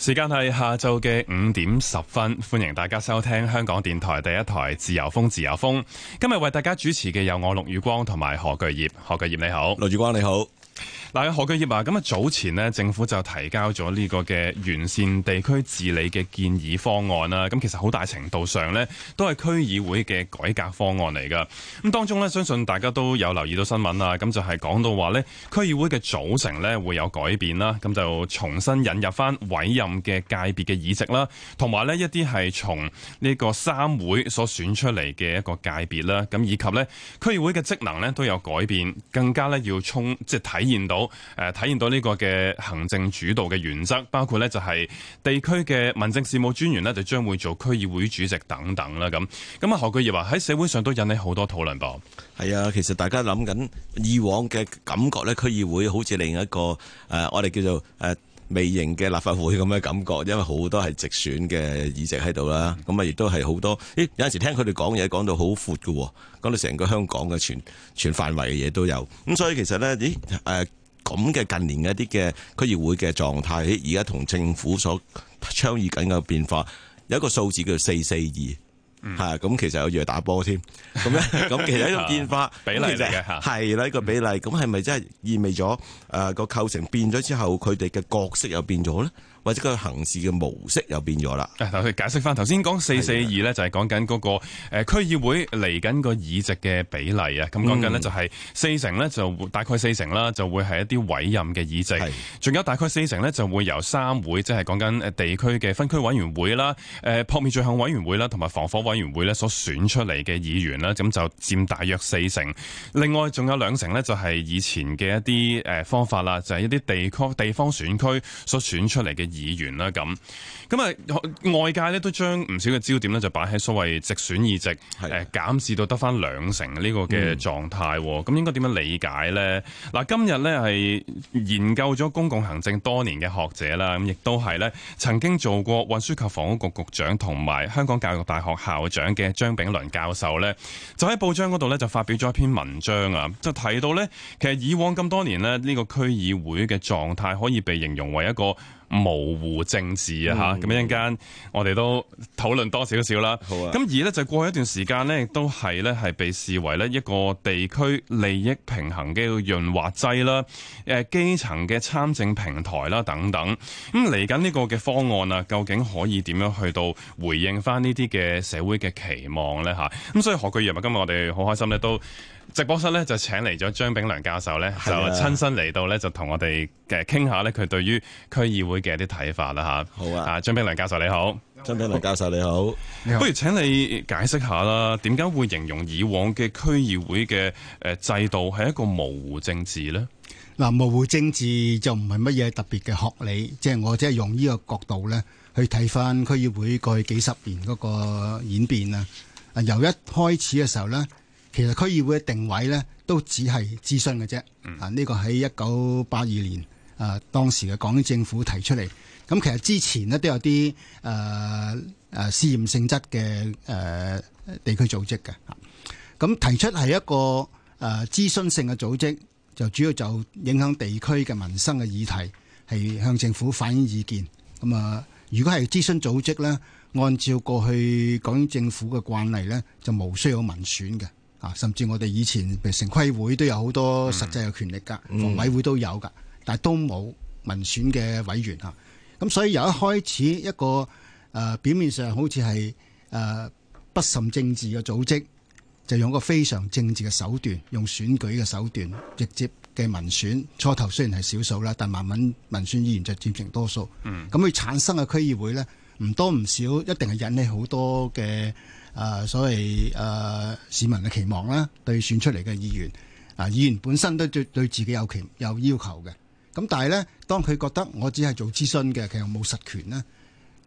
時間係下晝嘅五點十分，歡迎大家收聽香港電台第一台自由風自由風。今日為大家主持嘅有我陸宇光同埋何巨業，何巨業你好，陸宇光你好。嗱，何居業啊，咁啊早前呢，政府就提交咗呢個嘅完善地區治理嘅建議方案啦。咁其實好大程度上呢，都係區議會嘅改革方案嚟噶。咁當中呢，相信大家都有留意到新聞啦。咁就係講到話呢，區議會嘅組成呢，會有改變啦。咁就重新引入翻委任嘅界別嘅議席啦，同埋呢一啲係從呢個三會所選出嚟嘅一個界別啦。咁以及呢，區議會嘅職能呢，都有改變，更加呢，要冲即係提。體現到誒、呃，體現到呢個嘅行政主導嘅原則，包括呢就係、是、地區嘅民政事務專員呢，就將會做區議會主席等等啦。咁咁啊，何居業話喺社會上都引起好多討論噃。係啊，其實大家諗緊以往嘅感覺呢，區議會好似另一個誒、呃，我哋叫做誒。呃微型嘅立法會咁嘅感覺，因為好多係直選嘅議席喺度啦，咁啊亦都係好多，咦有陣時聽佢哋講嘢講到好闊嘅，講到成個香港嘅全全範圍嘅嘢都有，咁所以其實呢，咦誒咁嘅近年一啲嘅區議會嘅狀態，而家同政府所倡議緊嘅變化，有一個數字叫做四四二。係，咁、嗯、其實有住打波添，咁咧，咁其實一個變化比例嘅，係啦一個比例，咁係咪真係意味咗誒個構成變咗之後，佢哋嘅角色又變咗咧？或者個行事嘅模式又變咗啦。誒、啊，頭先解釋翻，頭先講四四二咧，就係講緊嗰個誒區議會嚟緊個議席嘅比例啊。咁講緊咧就係四成咧，就大概四成啦，就會係一啲委任嘅議席，仲的有大概四成咧，就會由三會，即係講緊誒地區嘅分區委員會啦、誒撲滅罪行委員會啦、同埋防火委員會咧所選出嚟嘅議員啦，咁就佔大約四成。另外仲有兩成咧，就係以前嘅一啲誒方法啦，就係一啲地區地方選區所選出嚟嘅。議員啦，咁咁啊，外界咧都將唔少嘅焦點呢就擺喺所謂直選議席誒的、呃、減至到得翻兩成呢個嘅狀態。咁、嗯哦、應該點樣理解呢？嗱，今日呢係研究咗公共行政多年嘅學者啦，咁亦都係呢曾經做過運輸及房屋局局長同埋香港教育大學校長嘅張炳良教授呢，就喺報章嗰度呢就發表咗一篇文章啊，就提到呢其實以往咁多年呢，呢、呢個區議會嘅狀態可以被形容為一個模糊政治、嗯、啊，吓咁一陣間我哋都討論多少少啦。好啊。咁而呢，就過去一段時間亦都係呢，係被視為呢一個地區利益平衡嘅潤滑劑啦，誒基層嘅參政平台啦等等。咁嚟緊呢個嘅方案啊，究竟可以點樣去到回應翻呢啲嘅社會嘅期望呢？吓咁所以何巨源啊，今日我哋好開心呢都。直播室咧就請嚟咗張炳良教授咧，的就親身嚟到咧，就同我哋嘅傾下咧，佢對於區議會嘅一啲睇法啦吓。好的啊，張炳良教授你好，張炳良教授你好，你好，不如請你解釋下啦，點解會形容以往嘅區議會嘅誒制度係一個模糊政治咧？嗱，模糊政治就唔係乜嘢特別嘅學理，即係我即係用呢個角度咧去睇翻區議會過去幾十年嗰個演變啊。由一開始嘅時候咧。其實區議會嘅定位咧，都只係諮詢嘅啫。啊，呢、這個喺一九八二年啊，當時嘅港英政府提出嚟。咁、啊、其實之前咧都有啲誒誒試驗性質嘅誒、呃、地區組織嘅。咁、啊、提出係一個誒、啊、諮詢性嘅組織，就主要就影響地區嘅民生嘅議題，係向政府反映意見。咁啊，如果係諮詢組織咧，按照過去港英政府嘅慣例咧，就冇需要民選嘅。啊，甚至我哋以前譬如城規會都有好多實際嘅權力噶，房、嗯、委會都有噶，但係都冇民選嘅委員、嗯、啊。咁所以由一開始一個誒、呃、表面上好似係誒不甚政治嘅組織，就用個非常政治嘅手段，用選舉嘅手段直接嘅民選。初頭雖然係少數啦，但慢慢民選議員就佔成多數。嗯，咁佢、嗯、產生嘅區議會咧，唔多唔少，一定係引起好多嘅。誒所謂誒、呃、市民嘅期望啦，對選出嚟嘅議員，啊、呃、議員本身都對對自己有期有要求嘅。咁但係咧，當佢覺得我只係做諮詢嘅，其實冇實權啦，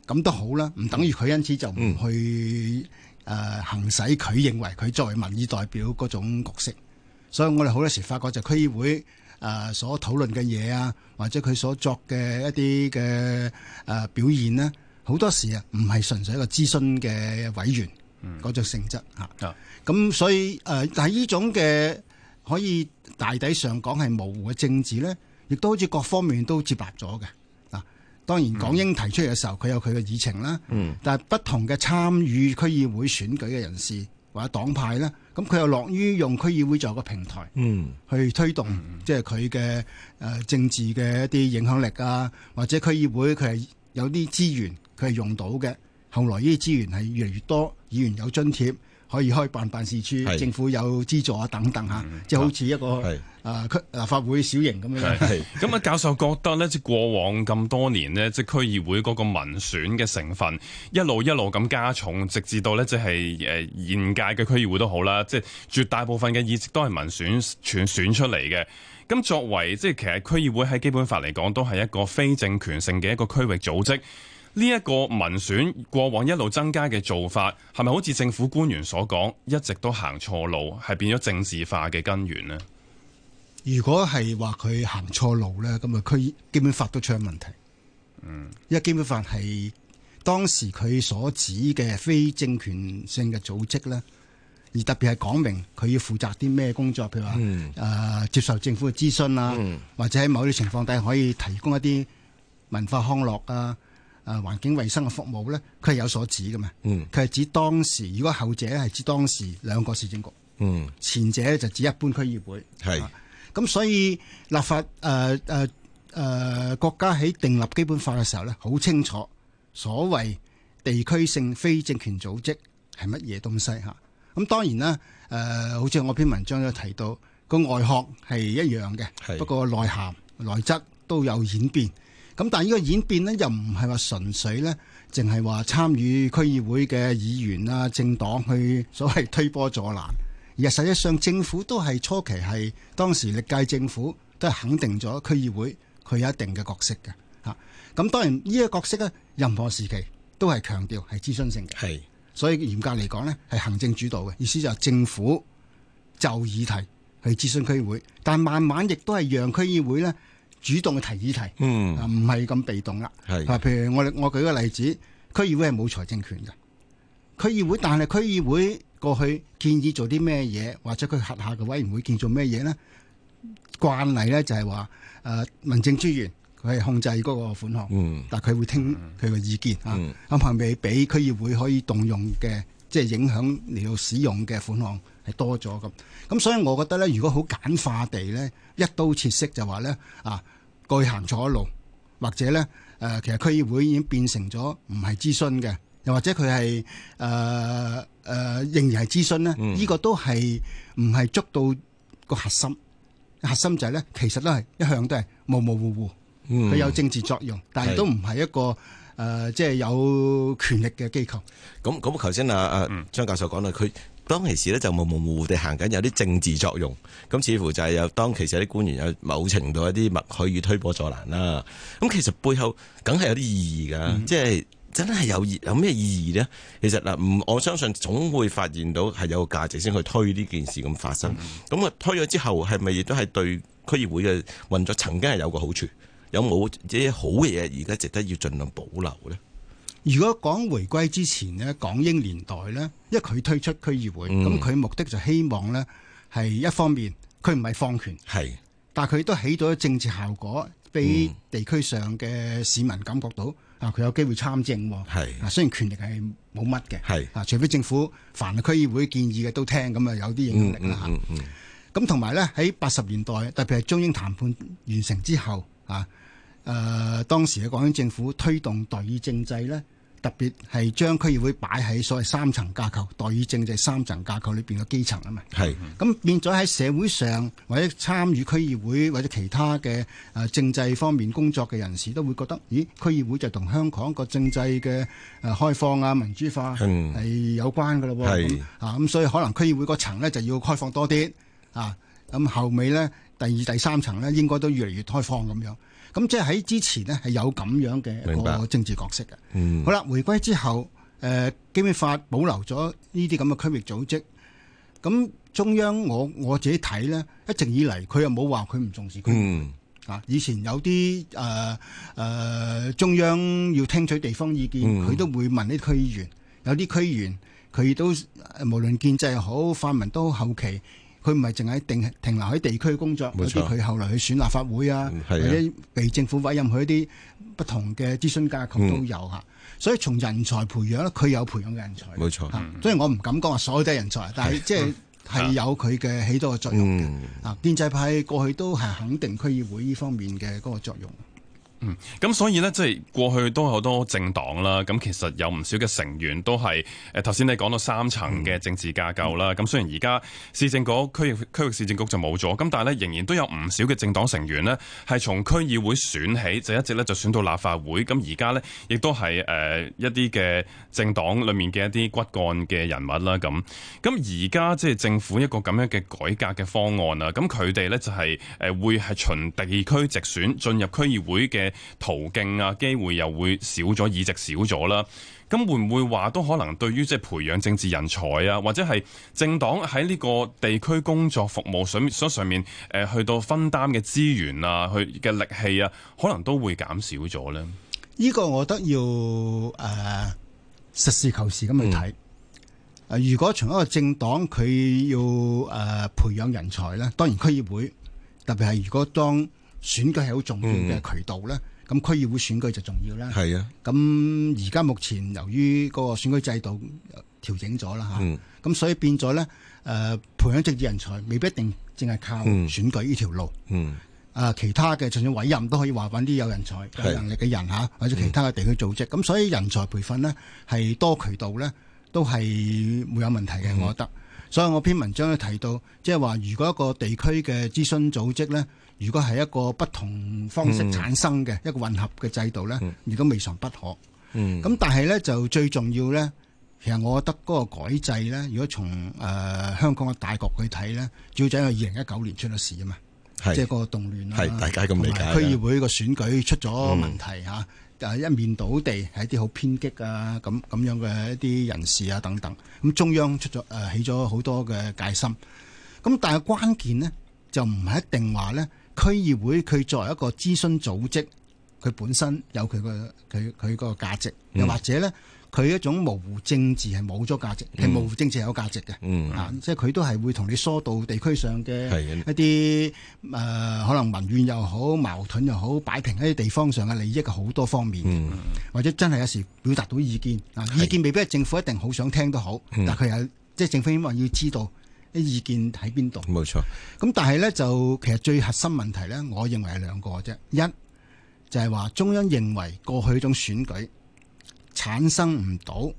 咁都好啦，唔等於佢因此就唔去誒、呃、行使佢認為佢作為民意代表嗰種角色。所以我哋好多時發覺就區議會誒、呃、所討論嘅嘢啊，或者佢所作嘅一啲嘅誒表現呢，好多時啊唔係純粹一個諮詢嘅委員。嗰種、嗯、性質嚇，咁、啊、所以誒，但係呢種嘅可以大體上講係模糊嘅政治咧，亦都好似各方面都接納咗嘅嗱。當然，港英提出嚟嘅時候，佢有佢嘅議程啦。嗯。但係不同嘅參與區議會選舉嘅人士或者黨派咧，咁佢又樂於用區議會作為個平台，嗯，去推動、嗯、即係佢嘅誒政治嘅一啲影響力啊，或者區議會佢係有啲資源，佢係用到嘅。後來呢啲資源係越嚟越多。議員有津貼可以開辦辦事處，是政府有資助啊等等嚇，即係、嗯、好似一個啊區啊法會小型咁樣。咁啊， 教授覺得咧，即係過往咁多年呢即係區議會嗰個民選嘅成分一路一路咁加重，直至到咧即係誒現屆嘅區議會都好啦，即係絕大部分嘅議席都係民選選選出嚟嘅。咁作為即係其實區議會喺基本法嚟講，都係一個非政權性嘅一個區域組織。呢一個民選過往一路增加嘅做法，係咪好似政府官員所講，一直都行錯路，係變咗政治化嘅根源呢？如果係話佢行錯路咧，咁啊，區基本法都出咗問題。嗯，因為基本法係當時佢所指嘅非政權性嘅組織咧，而特別係講明佢要負責啲咩工作，譬如話誒、嗯呃、接受政府嘅諮詢啊，嗯、或者喺某啲情況底下可以提供一啲文化康樂啊。啊，環境衛生嘅服務咧，佢係有所指嘅嘛。嗯，佢係指當時，如果後者係指當時兩個市政局。嗯，前者就指一般區議會。係是，咁、啊、所以立法誒誒誒，國家喺訂立基本法嘅時候咧，好清楚所謂地區性非政權組織係乜嘢東西吓。咁、啊、當然啦，誒、啊，好似我篇文章都提到，個外殼係一樣嘅，是不過內涵內質都有演變。咁但係呢個演變呢，又唔係話純粹呢，淨係話參與區議會嘅議員啊、政黨去所謂推波助瀾，而實際上政府都係初期係當時歷屆政府都係肯定咗區議會佢有一定嘅角色嘅吓。咁、啊、當然呢個角色呢，任何時期都係強調係諮詢性嘅，係是。所以嚴格嚟講呢，係行政主導嘅意思就係政府就議題去諮詢區議會，但慢慢亦都係讓區議會呢。主動嘅提議題，唔係咁被動啦。係啊，譬如我我舉個例子，區議會係冇財政權嘅，區議會但係區議會過去建議做啲咩嘢，或者佢轄下嘅委員會建議做咩嘢咧？慣例咧就係話，誒民政專員佢係控制嗰個款項，嗯，但係佢會聽佢嘅意見啊。咁係未俾區議會可以動用嘅，即係影響嚟到使用嘅款項。係多咗咁，咁所以我覺得咧，如果好簡化地咧，一刀切式就話咧啊，過去行錯路，或者咧誒，其實區議會已經變成咗唔係諮詢嘅，又或者佢係誒誒，仍然係諮詢咧，呢個都係唔係捉到個核心？核心就係咧，其實都係一向都係模模糊糊，佢有政治作用，但係都唔係一個誒，即係有權力嘅機構。咁咁，頭先啊啊張教授講啦，佢。當其時咧就模模糊糊地行緊，有啲政治作用，咁似乎就係有當其時啲官員有某程度一啲默許與推波助瀾啦。咁其實背後梗係有啲意義噶嗯、即係真係有有咩意義呢？其實嗱，唔我相信總會發現到係有個價值先去推呢件事咁發生。咁啊、嗯、推咗之後，係咪亦都係對區議會嘅運作曾經係有個好處？有冇啲好嘢而家值得要盡量保留呢？如果講回歸之前呢，港英年代呢，因為佢推出區議會，咁佢、嗯、目的就希望呢係一方面佢唔係放權，係是，但係佢都起到政治效果，俾地區上嘅市民感覺到啊，佢有機會參政，係啊是，雖然權力係冇乜嘅，係啊是，除非政府凡係區議會建議嘅都聽，咁啊有啲影響力啦嚇。咁同埋呢，喺八十年代，特別係中英談判完成之後啊，誒、呃、當時嘅港英政府推動代議政制呢。特別係將區議會擺喺所謂三層架構、代議政制三層架構裏邊嘅基層啊嘛，係咁是變咗喺社會上或者參與區議會或者其他嘅誒政制方面工作嘅人士都會覺得，咦，區議會就同香港個政制嘅誒開放啊民主化係有關㗎咯喎。啊咁是所以可能區議會個層咧就要開放多啲啊，咁後尾咧第二第三層咧應該都越嚟越開放咁樣。是嗯咁即係喺之前呢，係有咁樣嘅一個政治角色嘅。明白。嗯。好啦，回歸之後，誒基本法保留咗呢啲咁嘅區域組織。咁中央我我自己睇咧，一直以嚟佢又冇話佢唔重視佢。啊、嗯，以前有啲誒誒中央要聽取地方意見，佢都會問啲區議員。有啲區議員佢都無論建制好泛民都好後期好。佢唔係淨係定停留喺地區工作，或者佢後來去選立法會啊，嗯、或者被政府委任去一啲不同嘅諮詢架構都有嚇。嗯、所以從人才培養，咧，佢有培養嘅人才。冇錯，嗯、所以我唔敢講話所有都係人才，但係即係係有佢嘅起到嘅作用嘅。嗱、嗯，建制、嗯、派過去都係肯定區議會呢方面嘅嗰個作用。咁、嗯、所以呢，即係過去都好多政黨啦。咁其實有唔少嘅成員都係誒頭先你講到三層嘅政治架構啦。咁、嗯、雖然而家市政局區域區域市政局就冇咗，咁但係呢仍然都有唔少嘅政黨成員呢，係從區議會選起，就一直咧就選到立法會，咁而家呢亦都係誒一啲嘅政黨裏面嘅一啲骨幹嘅人物啦。咁咁而家即係政府一個咁樣嘅改革嘅方案啊。咁佢哋呢就係誒會係循地區直選進入區議會嘅。途徑啊，機會又會少咗，議席少咗啦。咁會唔會話都可能對於即係培養政治人才啊，或者係政黨喺呢個地區工作服務上所，所上面誒、呃，去到分擔嘅資源啊，去嘅力氣啊，可能都會減少咗呢？呢個我覺得要誒、呃、實事求是咁去睇。誒、嗯呃，如果從一個政黨佢要誒、呃、培養人才呢，當然區議會，特別係如果當。選舉係好重要嘅渠道咧，咁、嗯、區議會選舉就重要啦。係啊，咁而家目前由於嗰個選舉制度調整咗啦嚇，咁、嗯啊、所以變咗咧，誒、呃、培養職業人才未必一定淨係靠選舉呢條路。嗯，嗯啊，其他嘅甚至委任都可以話揾啲有人才、有能力嘅人嚇是、啊，或者其他嘅地區組織。咁、嗯、所以人才培訓呢係多渠道咧，都係冇有問題嘅，我覺得。所以我篇文章都提到，即係話，如果一個地區嘅諮詢組織咧，如果係一個不同方式產生嘅、嗯、一個混合嘅制度咧，嗯、亦都未嘗不可。咁、嗯、但係咧就最重要咧，其實我覺得嗰個改制咧，如果從誒、呃、香港嘅大局去睇咧，主要就係二零一九年出咗事啊嘛，即係嗰個動亂啦、啊，大家咁理解。區議會個選舉出咗問題嚇。嗯誒，一面倒地係一啲好偏激啊，咁咁樣嘅一啲人士啊等等，咁中央出咗誒，起咗好多嘅戒心，咁但係關鍵呢，就唔係一定話咧，區議會佢作為一個諮詢組織，佢本身有佢嘅佢佢個價值，又或者咧。佢一種模糊政治係冇咗價值，模糊政治有價值，模糊政治有價值嘅，嗯、啊，即係佢都係會同你疏導地區上嘅一啲誒的、呃，可能民怨又好，矛盾又好，擺平一啲地方上嘅利益嘅好多方面，嗯、或者真係有時表達到意見，啊，意見未必政府一定好想聽都好，的但佢又，即係政府希望要知道啲意見喺邊度。冇錯、嗯，咁但係咧就其實最核心問題咧，我認為係兩個啫，一就係、是、話中央認為過去一種選舉,選舉。產生唔到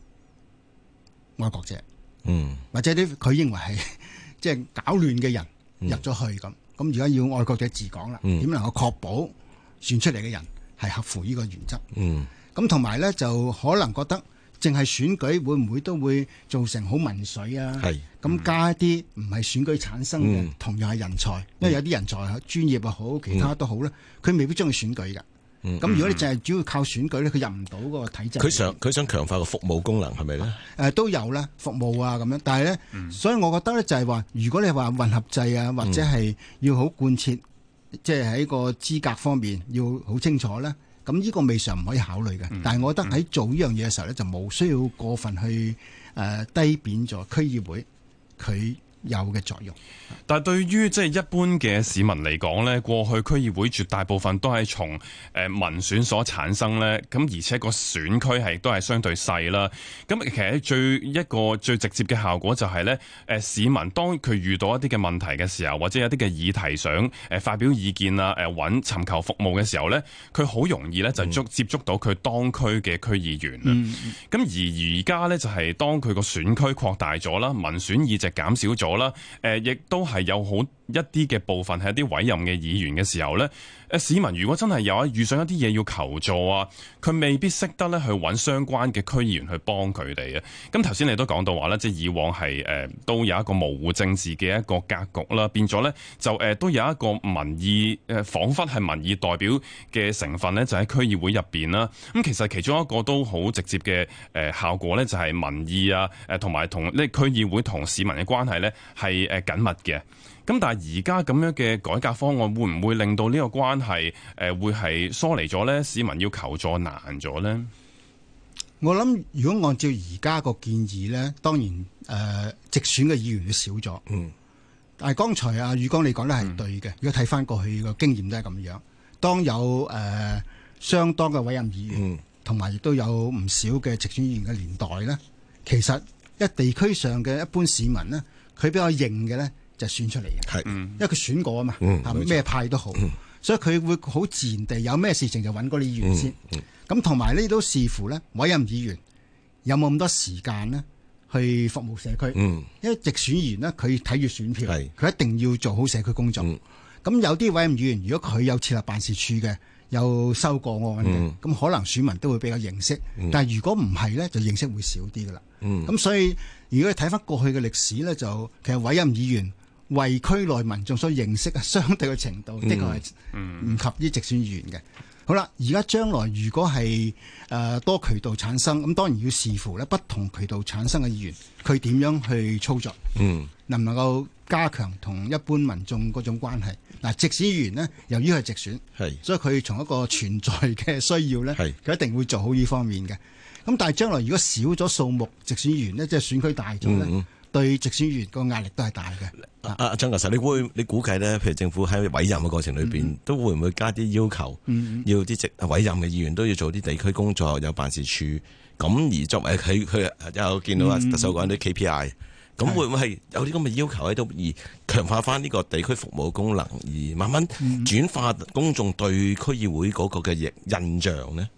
愛國者，嗯，或者啲佢認為係即係搞亂嘅人入咗去咁，咁而家要愛國者治港啦，點、嗯、能夠確保選出嚟嘅人係合乎呢個原則？嗯，咁同埋咧就可能覺得，淨係選舉會唔會都會造成好民粹啊？係咁、嗯、加一啲唔係選舉產生嘅，嗯、同樣係人才，嗯、因為有啲人才專業又好，其他都好咧，佢、嗯、未必中意選舉噶。咁、嗯、如果你淨係主要靠選舉咧，佢入唔到嗰個體制。佢想佢想強化個服務功能係咪咧？誒、呃、都有啦，服務啊咁樣，但係咧，嗯、所以我覺得咧就係話，如果你話混合制啊，或者係要好貫徹，即係喺個資格方面要好清楚咧，咁呢個未嘗唔可以考慮嘅。嗯、但係我覺得喺做呢樣嘢嘅時候咧，嗯、就冇需要過分去誒、呃、低貶咗區議會佢。有嘅作用，但係對於即係一般嘅市民嚟講咧，過去區議會絕大部分都係從誒民選所產生咧，咁而且個選區係都係相對細啦。咁其實最一個最直接嘅效果就係、是、咧，誒市民當佢遇到一啲嘅問題嘅時候，或者有啲嘅議題想誒發表意見啊，誒揾尋求服務嘅時候咧，佢好容易咧就捉接觸到佢當區嘅區議員啦。咁、嗯嗯、而而家咧就係當佢個選區擴大咗啦，民選議席減少咗。啦，誒亦都係有好一啲嘅部分係一啲委任嘅議員嘅時候咧，誒市民如果真係有一遇上一啲嘢要求助啊，佢未必識得咧去揾相關嘅區議員去幫佢哋嘅。咁頭先你都講到話咧，即係以往係誒、呃、都有一個模糊政治嘅一個格局啦，變咗咧就誒、呃、都有一個民意誒、呃，彷彿係民意代表嘅成分咧，就喺區議會入邊啦。咁、啊、其實其中一個都好直接嘅誒、呃、效果咧，就係民意啊，誒同埋同呢區議會同市民嘅關係咧係誒緊密嘅。咁但係而家咁樣嘅改革方案會唔會令到呢個關係誒、呃、會係疏離咗呢？市民要求助難咗呢？我諗如果按照而家個建議呢，當然誒、呃、直選嘅議員都少咗，嗯但剛，但係剛才阿宇剛你講得係對嘅。嗯、如果睇翻過去個經驗都係咁樣，當有誒、呃、相當嘅委任議員，同埋亦都有唔少嘅直選議員嘅年代呢，其實一地區上嘅一般市民呢，佢比較認嘅呢。選出嚟嘅，係，因為佢選過啊嘛，係咪咩派都好，所以佢會好自然地有咩事情就揾嗰啲議員先，咁同埋呢都視乎咧委任議員有冇咁多時間咧去服務社區，因為直選議員呢，佢睇住選票，佢一定要做好社區工作，咁有啲委任議員如果佢有設立辦事處嘅，有收個案嘅，咁可能選民都會比較認識，但係如果唔係咧就認識會少啲噶啦，咁所以如果你睇翻過去嘅歷史咧，就其實委任議員。為區內民眾所認識嘅相對嘅程度，嗯、的確係唔及於直選議員嘅。好啦，而家將來如果係誒、呃、多渠道產生，咁當然要視乎咧不同渠道產生嘅議員，佢點樣去操作，嗯、能唔能夠加強同一般民眾嗰種關係？嗱，直選議員咧，由於係直選，是所以佢從一個存在嘅需要咧，佢是一定會做好呢方面嘅。咁但係將來如果少咗數目，直選議員呢，即係選區大咗咧。嗯對直選員個壓力都係大嘅。阿、啊、張教授，你會你估計咧？譬如政府喺委任嘅過程裏邊，嗯嗯、都會唔會加啲要求，嗯嗯、要啲直委任嘅議員都要做啲地區工作，有辦事處。咁而作為佢佢又見到啊，特首講啲 KPI，咁會唔會係有啲咁嘅要求喺度而強化翻呢個地區服務功能，而慢慢轉化公眾對區議會嗰個嘅印象呢？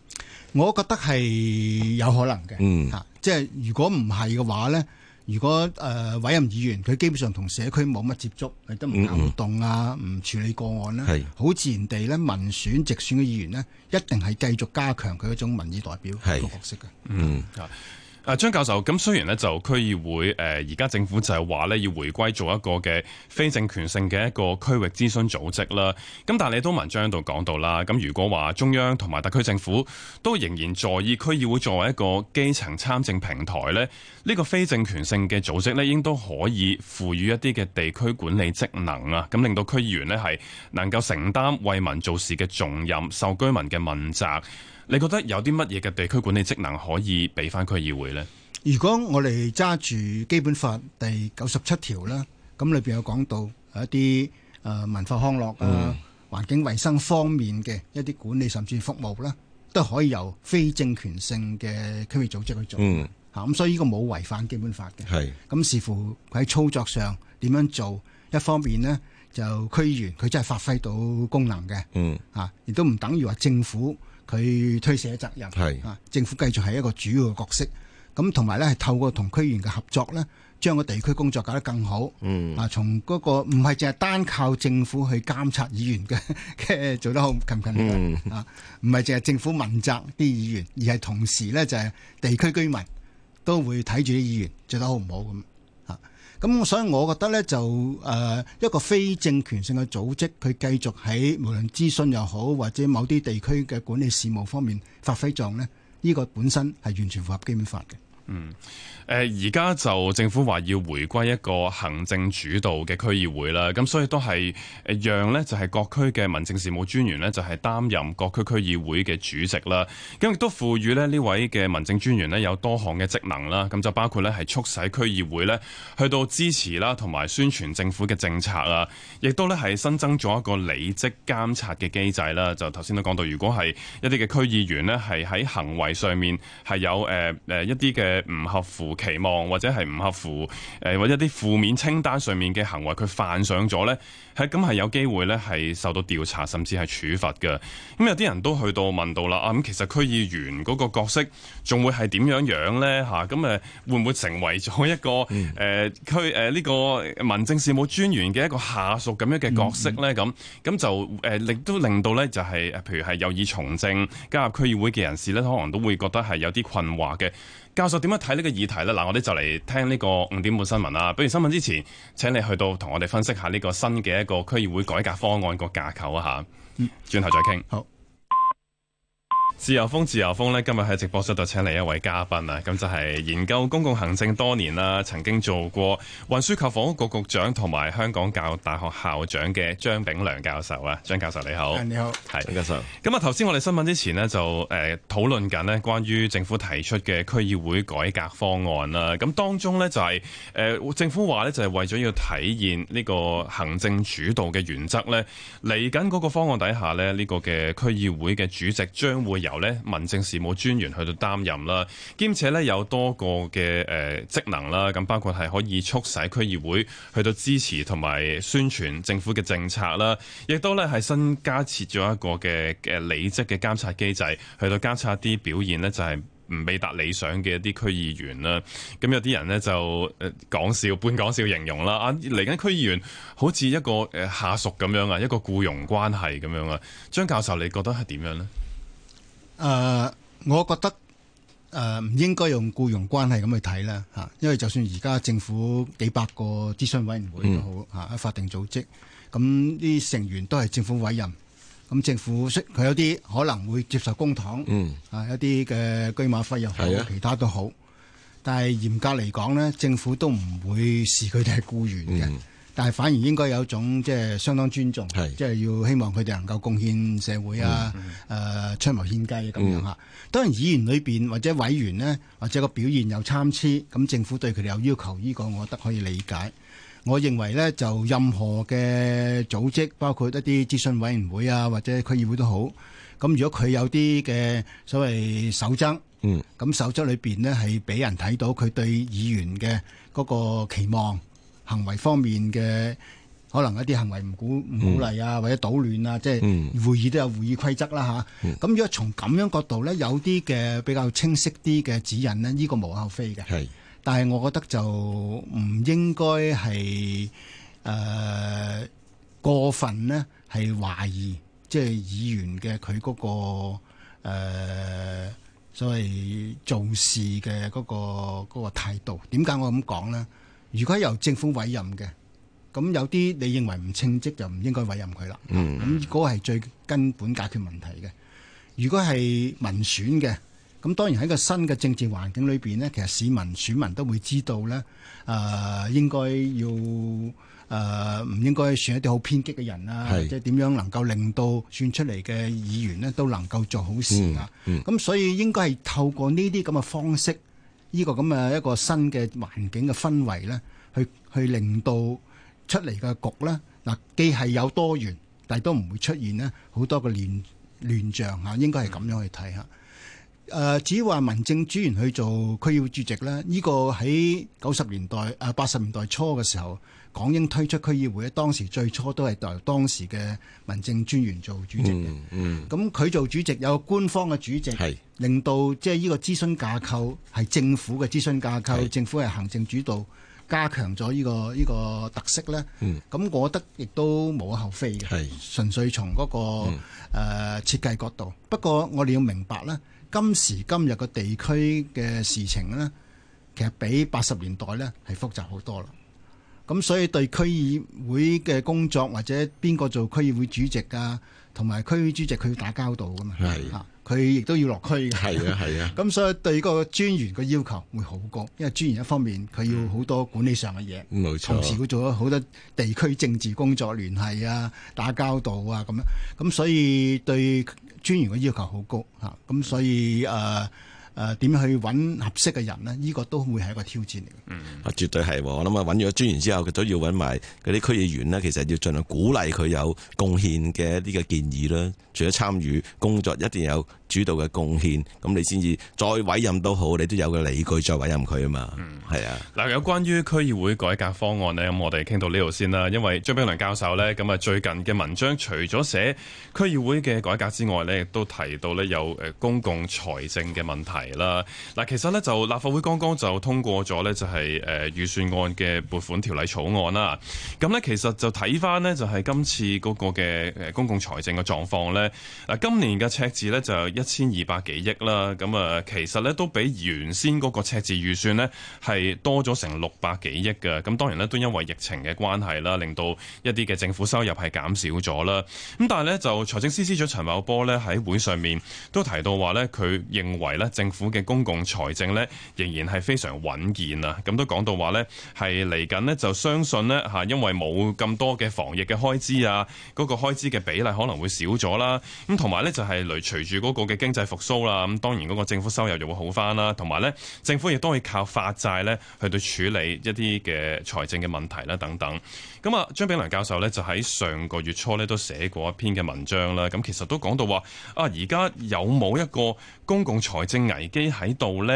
嗯、我覺得係有可能嘅。嚇、嗯，即係如果唔係嘅話咧。如果誒、呃、委任議員，佢基本上同社區冇乜接觸，佢都唔搞活動啊，唔、嗯、處理個案咧，好是自然地咧，民選、直選嘅議員呢，一定係繼續加強佢嗰種民意代表個角色嘅。是嗯啊。誒張教授，咁雖然咧就區議會誒而家政府就係話咧要回歸做一個嘅非政權性嘅一個區域諮詢組織啦，咁但係你都文章度講到啦，咁如果話中央同埋特區政府都仍然在意區議會作為一個基層參政平台咧，呢個非政權性嘅組織咧應都可以賦予一啲嘅地區管理職能啊，咁令到區議員咧係能夠承擔為民做事嘅重任，受居民嘅問責。你覺得有啲乜嘢嘅地區管理職能可以俾翻區議會呢？如果我哋揸住基本法第九十七條啦，咁裏邊有講到一啲誒文化康樂、嗯、啊、環境衞生方面嘅一啲管理甚至服務啦，都可以由非政權性嘅區域組織去做。嚇咁、嗯，所以呢個冇違反基本法嘅。係咁是視乎佢喺操作上點樣做，一方面呢，就區議員佢真係發揮到功能嘅。嗯。嚇、啊，亦都唔等於話政府。佢推卸責任，啊，政府繼續係一個主要嘅角色，咁同埋咧係透過同區議員嘅合作咧，將個地區工作搞得更好，嗯、啊，從嗰、那個唔係淨係單靠政府去監察議員嘅 做得好勤唔勤力啊？唔係淨係政府問責啲議員，而係同時咧就係、是、地區居民都會睇住啲議員做得好唔好咁。咁、嗯、所以我覺得咧，就誒、呃、一個非政權性嘅組織，佢繼續喺無論諮詢又好，或者某啲地區嘅管理事務方面發揮作用咧，依、這個本身係完全符合基本法嘅。嗯，誒而家就政府話要回歸一個行政主導嘅區議會啦，咁所以都係誒讓咧就係、是、各區嘅民政事務專員咧就係、是、擔任各區區議會嘅主席啦，咁亦都賦予咧呢位嘅民政專員咧有多項嘅職能啦，咁就包括咧係促使區議會咧去到支持啦同埋宣傳政府嘅政策啊，亦都咧係新增咗一個履職監察嘅機制啦，就頭先都講到，如果係一啲嘅區議員咧係喺行為上面係有誒誒、呃呃、一啲嘅。唔合乎期望，或者係唔合乎誒、呃，或者一啲負面清單上面嘅行為，佢犯上咗咧，喺咁係有機會咧，係受到調查，甚至係處罰嘅。咁、嗯、有啲人都去到問到啦，啊咁，其實區議員嗰個角色仲會係點樣樣咧？吓咁誒，會唔會成為咗一個誒區誒呢個民政事務專員嘅一個下屬咁樣嘅角色咧？咁、嗯、咁、嗯、就誒，亦、呃、都令到咧、就是，就係譬如係有意從政加入區議會嘅人士咧，可能都會覺得係有啲困惑嘅。教授點樣睇呢個議題呢？嗱，我哋就嚟聽呢個五點半新聞啦。不如新聞之前，請你去到同我哋分析下呢個新嘅一個區議會改革方案個架構啊吓。嗯，轉頭再傾。好。自由風，自由風咧！今日喺直播室就請嚟一位嘉賓啊！咁就係、係、研究公共行政多年啦，曾經做過運輸及房屋局局長同埋香港教育大學校長嘅張炳良教授啊！張教授你好，你好，係張好教授。咁啊，頭先我哋新聞之前呢，就、呃、誒討論緊咧，關於政府提出嘅區議會改革方案啦。咁當中呢、就係，就係誒政府話呢，就係為咗要體現呢個行政主導嘅原則呢，嚟緊嗰個方案底下呢，呢、呢個嘅區議會嘅主席將會由咧民政事務專員去到擔任啦，兼且咧有多個嘅誒職能啦。咁包括係可以促使區議會去到支持同埋宣傳政府嘅政策啦，亦都咧係新加設咗一個嘅誒履職嘅監察機制，去到監察啲表現呢，就係唔未達理想嘅一啲區議員啦。咁有啲人呢，就、呃、講笑半講笑形容啦，啊嚟緊區議員好似一個誒下屬咁樣啊，一個僱傭關係咁樣啊。張教授你覺得係點樣呢？誒、呃，我覺得誒唔、呃、應該用僱傭關係咁去睇啦嚇，因為就算而家政府幾百個諮詢委員會都好嚇，喺、嗯、法定組織，咁啲成員都係政府委任，咁政府佢有啲可能會接受公帑，嗯、啊，有啲嘅居馬費又好，啊、其他都好，但係嚴格嚟講咧，政府都唔會視佢哋係僱員嘅。嗯但係反而應該有一種即係相當尊重，是即係要希望佢哋能夠貢獻社會啊，誒、嗯嗯呃、出謀獻計咁樣吓。嗯、當然議員裏邊或者委員呢，或者個表現又參差，咁政府對佢哋有要求，呢、呢個我覺得可以理解。我認為呢，就任何嘅組織，包括一啲諮詢委員會啊，或者區議會都好，咁如果佢有啲嘅所謂守則，咁守則裏邊呢，係俾人睇到佢對議員嘅嗰個期望。行為方面嘅可能一啲行為唔鼓唔鼓勵啊，或者搗亂啊，嗯、即係會議都有會議規則啦、啊、嚇。咁、嗯、如果從咁樣角度咧，有啲嘅比較清晰啲嘅指引咧，呢、呢個無可厚非嘅。是但係我覺得就唔應該係誒、呃、過分呢，係懷疑即係、就是、議員嘅佢嗰個、呃、所謂做事嘅嗰、嗰個嗰、嗰個、態度。點解我咁講咧？如果由政府委任嘅，咁有啲你認為唔稱職，就唔應該委任佢啦。咁嗰個係最根本解決問題嘅。如果係民選嘅，咁當然喺個新嘅政治環境裏邊咧，其實市民選民都會知道咧，誒、呃、應該要誒唔、呃、應該選一啲好偏激嘅人啦，即係點樣能夠令到選出嚟嘅議員咧都能夠做好事啊。咁、嗯嗯、所以應該係透過呢啲咁嘅方式。呢個咁嘅一個新嘅環境嘅氛圍咧，去去令到出嚟嘅局咧，嗱，既係有多元，但係都唔會出現咧好多嘅亂亂象吓，應該係咁樣去睇吓。誒，至於話民政主任去做區議會主席咧，呢個喺九十年代，誒八十年代初嘅時候。港英推出區議會，當時最初都係由當時嘅民政專員做主席嘅、嗯。嗯，咁佢做主席有官方嘅主席，是令到即係呢個諮詢架構係政府嘅諮詢架構，政府係是行政主導，加強咗呢個呢、這個特色呢嗯，咁我覺得亦都無可厚非嘅。係純是粹從嗰、那個誒設計角度，不過我哋要明白呢，今時今日嘅地區嘅事情呢，其實比八十年代呢係複雜好多啦。咁所以對區議會嘅工作或者邊個做區議會主席啊，同埋區議主席佢要打交道㗎嘛，嚇佢的、啊、亦都要落區嘅。係啊係啊。咁 所以對個專員嘅要求會好高，因為專員一方面佢要好多管理上嘅嘢，嗯、同時佢做咗好多地區政治工作聯繫啊、打交道啊咁樣。咁、啊、所以對專員嘅要求好高嚇。咁、啊、所以誒。呃誒點樣去揾合適嘅人呢？呢、呢個都會係一個挑戰嚟嘅。嗯，絕對係我諗啊！揾咗專員之後，佢都要揾埋嗰啲區議員呢。其實要盡量鼓勵佢有貢獻嘅一啲嘅建議啦。除咗參與工作，一定要有主導嘅貢獻，咁你先至再委任都好，你都有個理據再委任佢啊嘛。嗯，係啊。嗱，有關於區議會改革方案呢，咁我哋傾到呢度先啦。因為張炳良教授呢，咁啊最近嘅文章除咗寫區議會嘅改革之外呢，亦都提到呢有誒公共財政嘅問題。啦嗱，其實咧就立法會剛剛就通過咗咧，就係誒預算案嘅撥款條例草案啦。咁咧其實就睇翻呢，就係今次嗰個嘅誒公共財政嘅狀況咧。嗱，今年嘅赤字咧就一千二百幾億啦。咁啊，其實咧都比原先嗰個赤字預算呢，係多咗成六百幾億嘅。咁當然呢，都因為疫情嘅關係啦，令到一啲嘅政府收入係減少咗啦。咁但係咧就財政司司長陳茂波咧喺會上面都提到話咧，佢認為咧政府府嘅公共財政呢，仍然係非常穩健啊！咁都講到話呢，係嚟緊呢，就相信呢，嚇，因為冇咁多嘅防疫嘅開支啊，嗰個開支嘅比例可能會少咗啦。咁同埋呢，就係嚟隨住嗰個嘅經濟復甦啦，咁當然嗰個政府收入就會好翻啦。同埋呢，政府亦都可以靠發債呢，去對處理一啲嘅財政嘅問題啦等等。咁啊，張炳良教授咧就喺上個月初咧都寫過一篇嘅文章啦。咁其實都講到話啊，而家有冇一個公共財政危機喺度呢？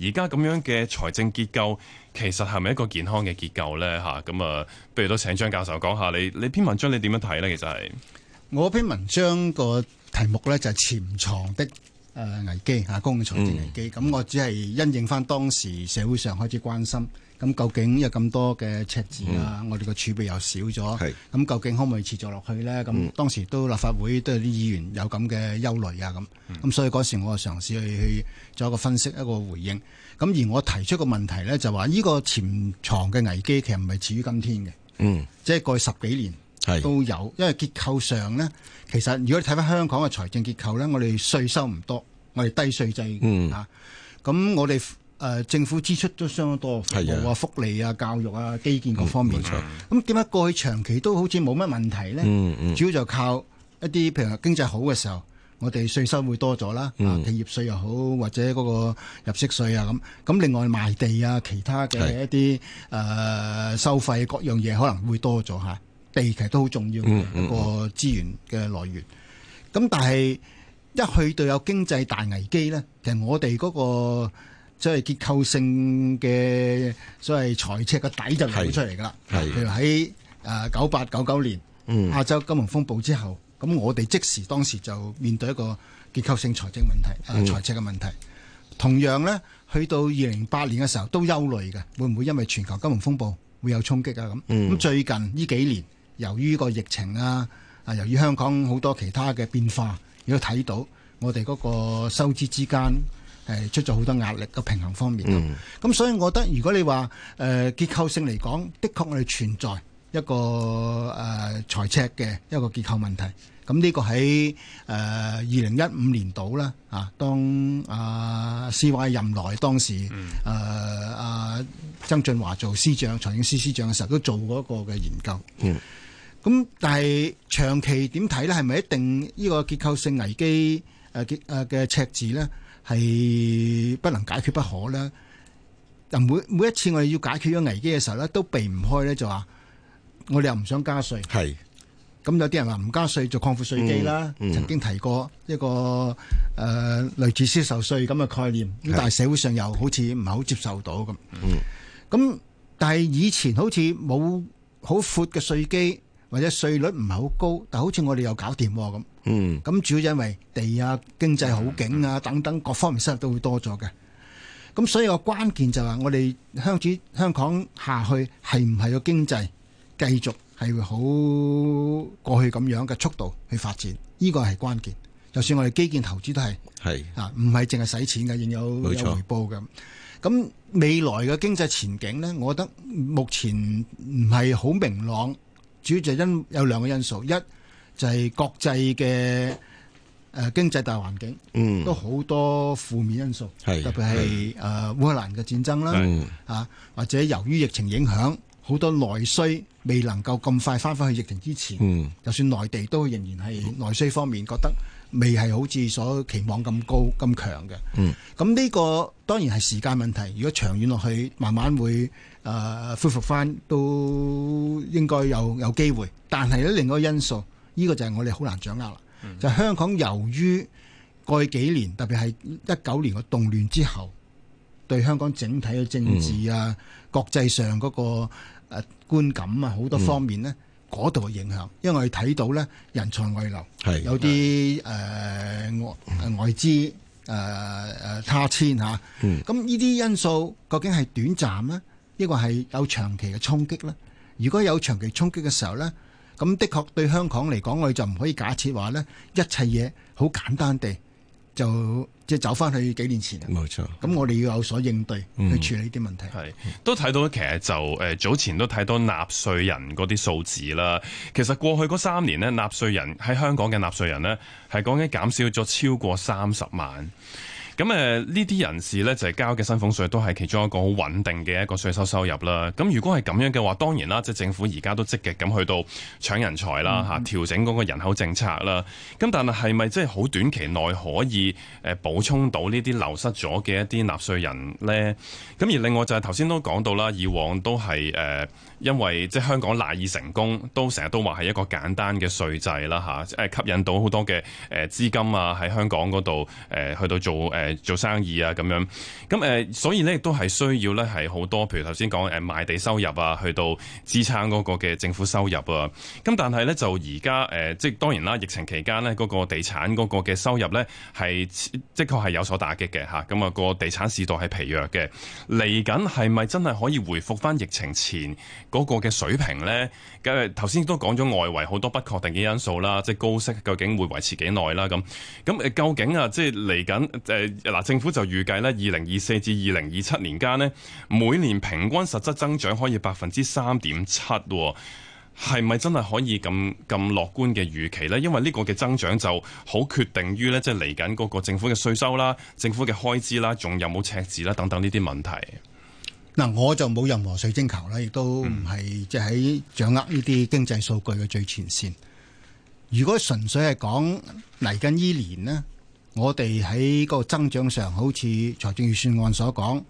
而家咁樣嘅財政結構，其實係咪一個健康嘅結構呢？吓，咁啊，不如都請張教授講下你你篇文章你點樣睇呢？其實係我篇文章個題目呢，就係潛藏的誒危機嚇，公共財政危機。咁、嗯、我只係因應翻當時社會上開始關心。咁究竟有咁多嘅赤字啊？嗯、我哋嘅儲備又少咗，咁是究竟可唔可以持續落去咧？咁、嗯、當時都立法會都有啲議員有咁嘅憂慮啊，咁咁、嗯、所以嗰時我就嘗試去去做一個分析，一個回應。咁而我提出個問題咧，就話呢個潛藏嘅危機其實唔係始於今天嘅，嗯、即係過去十幾年都有。是因為結構上咧，其實如果你睇翻香港嘅財政結構咧，我哋稅收唔多，我哋低稅制嘅吓咁、嗯啊、我哋。誒、呃，政府支出都相當多，服務啊、福利啊、教育啊、基建各方面，咁點解過去長期都好似冇乜問題咧？嗯嗯、主要就靠一啲譬如經濟好嘅時候，我哋稅收會多咗啦、嗯啊，企業稅又好，或者嗰個入息稅啊咁，咁另外賣地啊，其他嘅一啲誒的、呃、收費，各樣嘢可能會多咗吓，地其實都好重要嘅一個資源嘅來源。咁、嗯嗯嗯嗯嗯、但係一去到有經濟大危機咧，其實我哋嗰、嗰個。即係結構性嘅，即係財赤個底就露出嚟噶啦。譬如喺九八九九年亞洲金融風暴之後，咁、嗯、我哋即時當時就面對一個結構性財政問題、呃、財赤嘅問題。嗯、同樣呢，去到二零零八年嘅時候都憂慮嘅，會唔會因為全球金融風暴會有衝擊啊？咁咁、嗯、最近呢幾年，由於個疫情啊，啊由於香港好多其他嘅變化，亦都睇到我哋嗰個收支之間，係出咗好多壓力個平衡方面，咁、嗯、所以我覺得，如果你話誒、呃、結構性嚟講，的確我哋存在一個誒、呃、財赤嘅一個結構問題。咁呢個喺誒二零一五年度啦，啊，當啊司偉任內當時誒阿、嗯呃呃、曾俊華做司長財政司司長嘅時候，都做過一個嘅研究。咁、嗯嗯、但係長期點睇咧？係咪一定呢個結構性危機誒？嘅誒嘅赤字咧？係不能解決不可啦。嗱，每每一次我哋要解決咗危機嘅時候咧，都避唔開咧就話，我哋又唔想加稅。係是。咁有啲人話唔加稅做擴闊稅基啦，嗯嗯、曾經提過一個誒類似銷售稅咁嘅概念。是但係社會上又好似唔係好接受到咁。咁、嗯、但係以前好似冇好闊嘅稅基或者稅率唔係好高，但好似我哋又搞掂喎咁。嗯，咁主要因為地啊、經濟好景啊等等各方面收入都會多咗嘅，咁所以個關鍵就係我哋香港下去係唔係個經濟繼續係會好過去咁樣嘅速度去發展，呢個係關鍵。就算我哋基建投資都係係啊，唔係淨係使錢嘅，仍有有回報嘅。咁未來嘅經濟前景呢，我覺得目前唔係好明朗，主要就因有兩個因素一。就係國際嘅誒、呃、經濟大環境，嗯、都好多負面因素，是特別係誒的、呃、烏克蘭嘅戰爭啦，的啊或者由於疫情影響，好多內需未能夠咁快翻返去疫情之前，嗯、就算內地都仍然係內需方面覺得未係好似所期望咁高咁強嘅。咁呢、嗯、個當然係時間問題，如果長遠落去，慢慢會誒恢、呃呃、復翻，都應該有有機會。但係咧，另外一個因素。呢個就係我哋好難掌握啦。就香港由於過去幾年，特別係一九年嘅動亂之後，對香港整體嘅政治啊、國際上嗰、嗰個誒、呃、觀感啊，好多方面呢嗰度嘅影響。因為我哋睇到咧人才外流，嗯、有啲誒外外資誒誒、呃呃、他遷嚇。咁呢啲因素究竟係短暫呢？抑或係有長期嘅衝擊咧？如果有長期衝擊嘅時候咧？咁的確對香港嚟講，我哋就唔可以假設話咧一切嘢好簡單地就即係走翻去幾年前。冇錯。咁我哋要有所應對、嗯、去處理啲問題。係都睇到其實就誒、呃、早前都睇到納稅人嗰啲數字啦。其實過去嗰三年咧，納稅人喺香港嘅納稅人呢，係講緊減少咗超過三十萬。咁誒呢啲人士咧，就係、是、交嘅薪俸稅都係其中一個好穩定嘅一個稅收收入啦。咁如果係咁樣嘅話，當然啦，即係政府而家都積極咁去到搶人才啦，吓、啊、調整嗰個人口政策啦。咁但係係咪即係好短期內可以誒補充到呢啲流失咗嘅一啲納稅人咧？咁而另外就係頭先都講到啦，以往都係誒、呃，因為即係香港賴以成功，都成日都話係一個簡單嘅稅制啦，吓、啊、誒吸引到好多嘅誒資金啊喺香港嗰度誒去到做誒。呃做生意啊咁樣，咁、嗯、誒、呃，所以咧亦都係需要咧，係好多，譬如頭先講誒，賣地收入啊，去到支撐嗰個嘅政府收入啊。咁、嗯、但係咧就而家誒，即係當然啦，疫情期間咧嗰個地產嗰個嘅收入咧係的確係有所打擊嘅吓。咁啊、個地產市道係疲弱嘅，嚟緊係咪真係可以回復翻疫情前嗰個嘅水平咧？誒，頭先都講咗外圍好多不確定嘅因素啦，即係高息究竟會維持幾耐啦？咁咁誒，究竟啊，即係嚟緊誒，嗱，呃，政府就預計咧，二零二四至二零二七年間呢，每年平均實質增長可以百分之三點七，係咪真係可以咁咁樂觀嘅預期呢？因為呢個嘅增長就好決定於咧，即係嚟緊嗰個政府嘅稅收啦、政府嘅開支啦、仲有冇赤字啦，等等呢啲問題。嗱，我就冇任何水晶球啦，亦都唔係即係喺掌握呢啲經濟數據嘅最前線。如果純粹係講嚟緊依年呢，我哋喺個增長上，好似財政預算案所講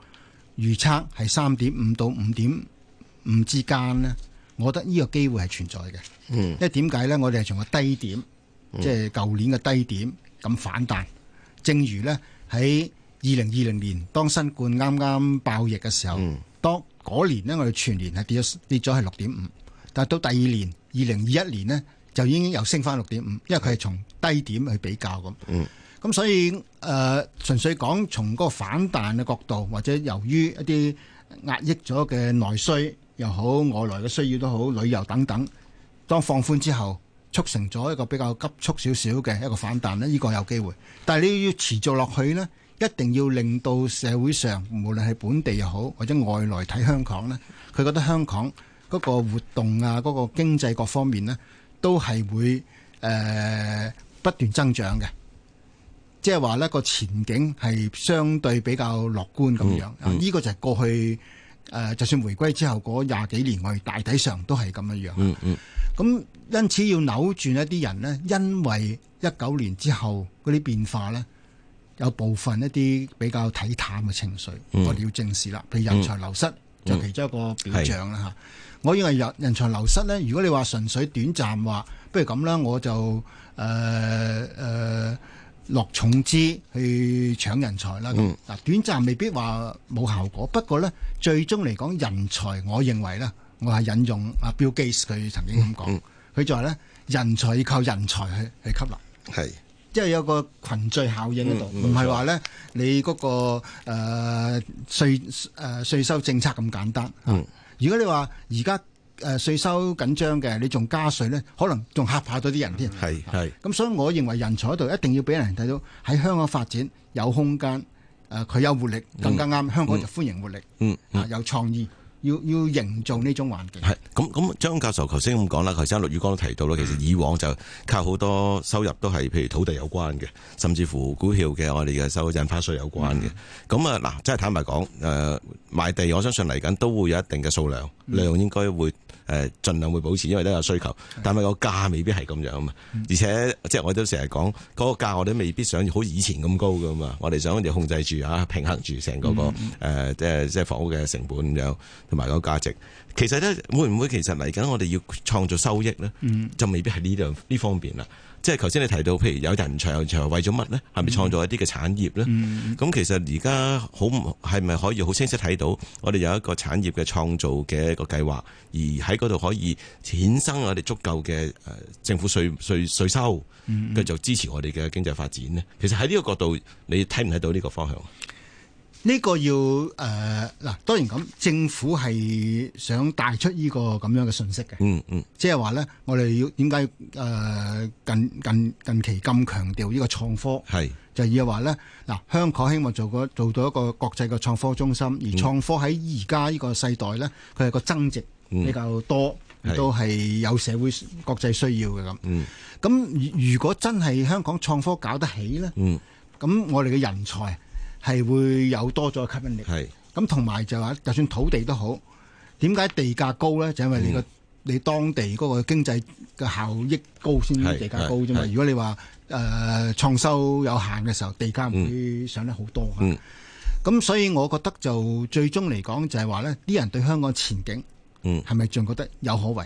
預測係三點五到五點五之間呢，我覺得呢個機會係存在嘅。嗯，因為點解咧？我哋係從個低點，即係舊年嘅低點咁反彈，正如咧喺。二零二零年當新冠啱啱爆疫嘅時候，嗯、當嗰年咧我哋全年係跌咗跌咗係六點五，但係到第二年二零二一年呢，就已經又升翻六點五，因為佢係從低點去比較咁。咁、嗯、所以誒、呃、純粹講從嗰個反彈嘅角度，或者由於一啲壓抑咗嘅內需又好，外來嘅需要都好，旅遊等等，當放寬之後促成咗一個比較急速少少嘅一個反彈咧，呢、這個有機會。但係你要持續落去呢，一定要令到社會上，無論係本地又好或者外來睇香港咧，佢覺得香港嗰個活動啊、嗰、嗰個經濟各方面呢，都係會誒、呃、不斷增長嘅，即係話呢個前景係相對比較樂觀咁樣。呢、嗯啊呢個就係過去誒、呃，就算回歸之後嗰廿幾年，我哋大體上都係咁樣樣、嗯。嗯嗯。咁、啊、因此要扭轉一啲人呢，因為一九年之後嗰啲變化咧。有部分一啲比較睇淡嘅情緒，嗯、我哋要正視啦。譬如人才流失就、嗯、其中一個表象啦嚇。是我認為人人才流失咧，如果你話純粹短暫話，不如咁啦，我就誒誒、呃呃、落重資去搶人才啦。嗱、嗯，短暫未必話冇效果，不過咧，最終嚟講，人才，我認為咧，我係引用阿 Bill Gates 佢曾經咁講，佢、嗯嗯、就話咧，人才要靠人才去去吸納。係。即係有個群聚效應喺度，唔係話咧你嗰、嗰個誒稅誒稅收政策咁簡單。嗯、如果你話而家誒稅收緊張嘅，你仲加稅咧，可能仲嚇怕咗啲人添。係係、嗯。咁、嗯、所以我認為人才喺度一定要俾人睇到喺香港發展有空間，誒、呃、佢有活力更加啱香港就歡迎活力，嗯嗯嗯、啊有創意。要要營造呢種環境。係咁咁，張教授頭先咁講啦，頭先阿陸宇光都提到啦，其實以往就靠好多收入都係譬如土地有關嘅，甚至乎股票嘅我哋嘅收入印花稅有關嘅。咁啊，嗱，真係坦白講，誒、呃、賣地我相信嚟緊都會有一定嘅數量，量應該會。嗯誒，儘量會保持，因為都有需求，但係個價未必係咁樣啊嘛。而且，即係我都成日講嗰個價，我哋未必想好似以前咁高噶嘛。我哋想就控制住啊，平衡住成嗰個誒即係即係房屋嘅成本咁樣，同埋個價值。其實咧，會唔會其實嚟緊我哋要創造收益咧？就未必係呢度呢方面啦。即係頭先你提到，譬如有人才又長，為咗乜呢？係咪創造一啲嘅產業呢？咁、嗯、其實而家好係咪可以好清晰睇到，我哋有一個產業嘅創造嘅一個計劃，而喺嗰度可以衍生我哋足夠嘅誒政府稅稅稅收，繼續支持我哋嘅經濟發展呢？其實喺呢個角度，你睇唔睇到呢個方向？呢個要誒嗱、呃，當然咁，政府係想帶出呢個咁樣嘅訊息嘅、嗯，嗯嗯，即係話咧，我哋要點解誒近近近期咁強調呢個創科，係是就係話咧，嗱，香港希望做個做到一個國際嘅創科中心，而創科喺而家呢個世代咧，佢係個增值比較多，嗯、都係有社會國際需要嘅咁。咁是、嗯、如果真係香港創科搞得起咧，咁、嗯、我哋嘅人才。係會有多咗吸引力，咁同埋就話，就算土地都好，點解地價高咧？就因為你個你當地嗰個經濟嘅效益高先地價高啫嘛。如果你話誒創收有限嘅時候，地價唔會上得好多嘅。咁所以我覺得就最終嚟講就係話咧，啲人對香港前景，係咪仲覺得有可為？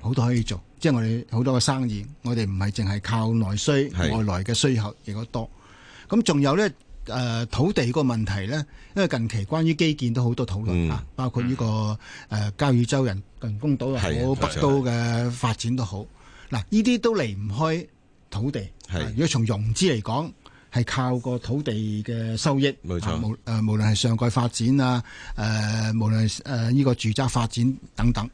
好多可以做，即係我哋好多嘅生意，我哋唔係淨係靠內需，外來嘅需求亦都多。咁仲有咧。誒土地個問題咧，因為近期關於基建都好多討論嚇，包括呢個誒交椅洲人工島啊，北都嘅發展都好嗱，依啲都離唔開土地。如果從融資嚟講，係靠個土地嘅收益冇錯，無誒無論係上蓋發展啊，誒無論係誒依個住宅發展等等，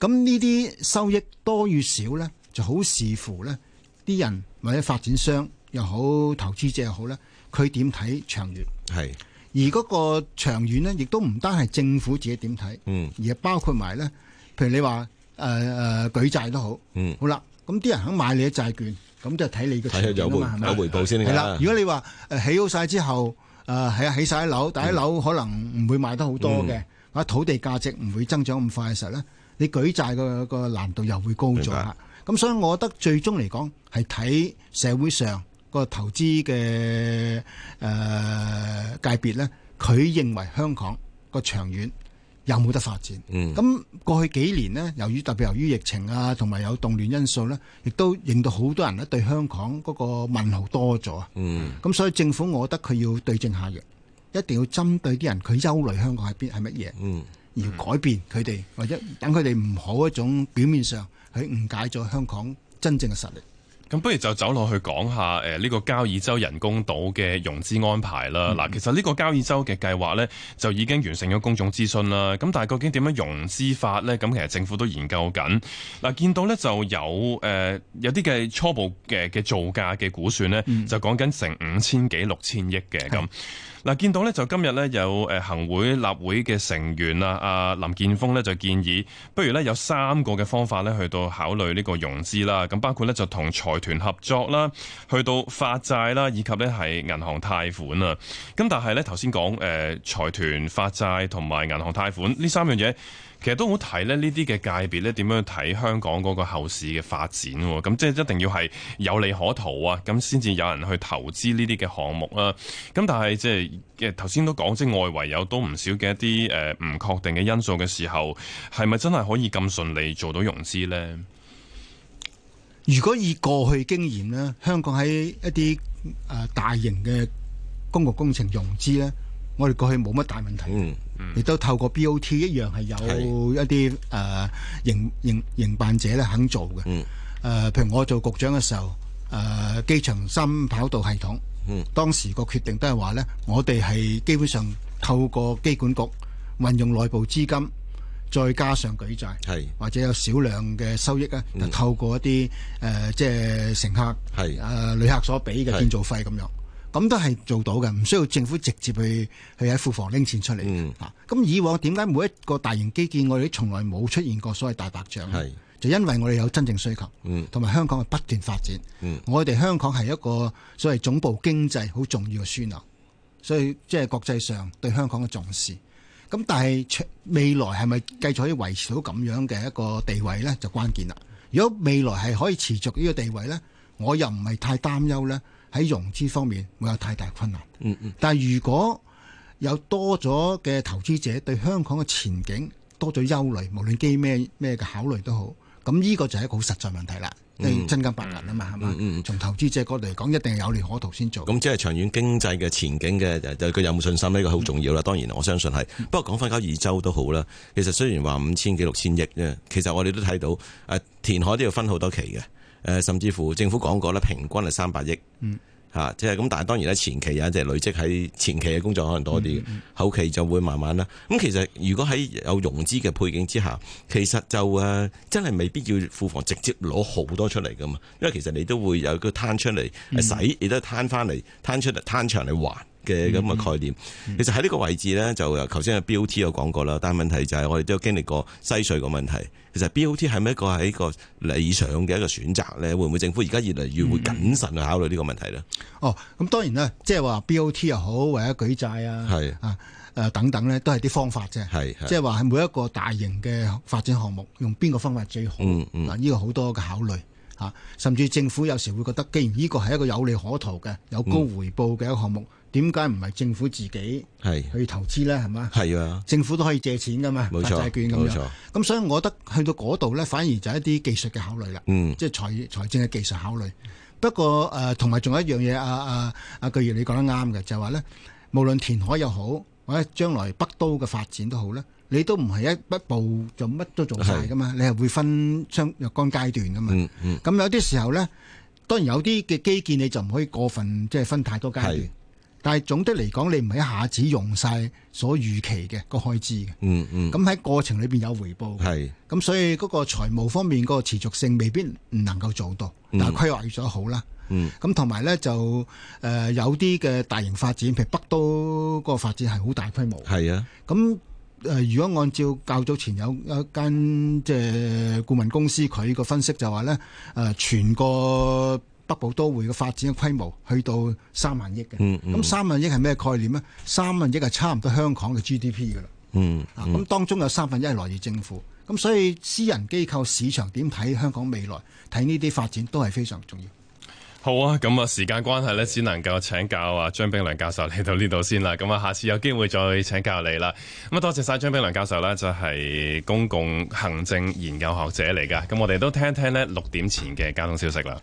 咁呢啲收益多與少咧，就好視乎咧啲人或者發展商又好，投資者又好啦。佢點睇長遠？係而嗰個長遠咧，亦都唔單係政府自己點睇，嗯，而係包括埋咧，譬如你話誒誒舉債都好，嗯，好啦，咁啲人肯買你嘅債券，咁就睇你嘅長遠，睇就有回有回報先㗎啦。係啦，如果你話誒起好曬之後，誒係啊起曬啲樓，但係啲樓可能唔會賣得好多嘅，啊土地價值唔會增長咁快嘅時候咧，你舉債個個難度又會高咗嚇。咁所以我覺得最終嚟講係睇社會上，個投資嘅誒、呃、界別咧，佢認為香港個長遠有冇得發展？咁、嗯、過去幾年呢，由於特別由於疫情啊，同埋有、有動亂因素咧，亦都令到好多人咧對香港嗰個問號多咗。咁、嗯、所以政府，我覺得佢要對症下藥，一定要針對啲人佢憂慮香港係邊係乜嘢，嗯、而改變佢哋或者等佢哋唔好一種表面上去誤解咗香港真正嘅實力。咁不如就走落去講下誒呢、呃呢個交椅洲人工島嘅融資安排啦。嗱、嗯，其實呢個交椅洲嘅計劃呢，就已經完成咗公眾諮詢啦。咁但係究竟點樣融資法呢？咁其實政府都研究緊。嗱、啊，見到呢就有誒、呃、有啲嘅初步嘅嘅造價嘅估算呢，嗯、就講緊成五千幾六千億嘅咁。的嗱，見到咧就今日咧有誒行會立會嘅成員啊，阿林健鋒咧就建議，不如咧有三個嘅方法咧去到考慮呢個融資啦，咁包括咧就同財團合作啦，去到發債啦，以及咧係銀行貸款啊，咁但係咧頭先講誒財團發債同埋銀行貸款呢三樣嘢，其實都好睇咧，呢啲嘅界別咧，點樣睇香港嗰個後市嘅發展啊？咁、嗯、即係一定要係有利可圖啊，咁先至有人去投資呢啲嘅項目啊。咁、嗯、但係即係頭先都講，即係外圍有多唔少嘅一啲誒唔確定嘅因素嘅時候，係咪真係可以咁順利做到融資呢？如果以過去經驗呢，香港喺一啲誒、呃、大型嘅公共工程融資呢，我哋過去冇乜大問題，亦都透過 BOT 一樣係有一啲誒營營營辦者咧肯做嘅。誒、嗯呃，譬如我做局長嘅時候，誒、呃、機場三跑道系統，當時個決定都係話咧，我哋係基本上透過機管局運用內部資金，再加上舉債，的或者有少量嘅收益咧，就透過一啲誒、呃、即係乘客、誒的、呃呃、旅客所俾嘅建造費咁樣。咁都係做到嘅，唔需要政府直接去去喺庫房拎錢出嚟。嚇、嗯，咁、啊、以往點解每一個大型基建我哋都從來冇出現過所謂大白象？係是就因為我哋有真正需求，同埋、嗯、香港嘅不斷發展。嗯、我哋香港係一個所謂總部經濟好重要嘅樞紐，所以即係國際上對香港嘅重視。咁但係未來係咪繼續可以維持到咁樣嘅一個地位咧？就關鍵啦。如果未來係可以持續呢個地位咧，我又唔係太擔憂咧。喺融資方面唔會有太大困難，嗯嗯，但係如果有多咗嘅投資者對香港嘅前景多咗憂慮，無論基於咩咩嘅考慮都好，咁呢個就係一個好實在問題啦，即真金白銀啊嘛，係嘛？嗯，嗯，嗯，嗯，嗯從投資者角度嚟講，一定係有利可圖先做。咁即係長遠經濟嘅前景嘅，佢有冇信心呢、呢個好重要啦。當然我相信係，不過講翻交椅洲都好啦。其實雖然話五千幾六千億啫，其實我哋都睇到誒填海都要分好多期嘅。誒，甚至乎政府講過咧，平均係三百億，吓、嗯，即係咁。但係當然咧，前期有一隻累積喺前期嘅工作可能多啲，嗯嗯、後期就會慢慢啦。咁其實如果喺有融資嘅背景之下，其實就誒，真係未必要庫房直接攞好多出嚟㗎嘛。因為其實你都會有個攤出嚟嚟使，亦、嗯、都攤翻嚟攤出嚟攤長嚟還。嘅咁嘅概念，其實喺呢個位置咧，就頭先嘅 BOT 有講過啦。但問題就係我哋都有經歷過西隧嘅問題。其實 BOT 係咪一個喺個理想嘅一個選擇咧？會唔會政府而家越嚟越會謹慎去考慮呢個問題咧？嗯嗯嗯、哦，咁當然啦，即係話 BOT 又好，或者舉債啊，係是啊，誒等等咧，都係啲方法啫。係，即係話每一個大型嘅發展項目，用邊個方法最好？嗱、嗯，呢、嗯、個好多嘅考慮啊。甚至政府有時會覺得，既然呢個係一個有利可圖嘅、有高回報嘅一個項目。嗯點解唔係政府自己去投資咧？係嘛，是的 政府都可以借錢噶嘛，錯發債券咁樣。咁錯所以我覺得去到嗰度咧，反而就一啲技術嘅考慮啦，嗯、即係財財政嘅技術考慮。不過誒，同埋仲有一樣嘢，阿阿阿巨如你講得啱嘅，就係話咧，無論填海又好，或者將來北都嘅發展都好咧，你都唔係一一步就乜都做晒噶是嘛，你係會分若干階段噶嘛。咁有啲時候咧，當然有啲嘅基建你就唔可以過分即係分太多階段。但係總的嚟講，你唔係一下子用晒所預期嘅個開支嘅、嗯，嗯嗯，咁喺過程裏邊有回報，係是，咁所以嗰個財務方面嗰個持續性未必唔能夠做到，但係規劃要做好啦，嗯，咁同埋咧就誒、呃、有啲嘅大型發展，譬如北都個發展係好大規模，係啊，咁誒如果按照較早前有有一間即係顧問公司佢個分析就話咧，誒、呃、全個。北部都會嘅發展嘅規模去到三萬億嘅，咁三、嗯嗯、萬億係咩概念咧？三萬億係差唔多香港嘅 G D P 噶啦。嗯，咁、啊、當中有三分一係來自政府，咁所以私人機構市場點睇香港未來？睇呢啲發展都係非常重要。好啊，咁啊，時間關係呢，只能夠請教啊張炳良教授嚟到呢度先啦。咁啊，下次有機會再請教你啦。咁啊，多謝晒張炳良教授咧，就係、是、公共行政研究學者嚟噶。咁我哋都聽一聽咧六點前嘅交通消息啦。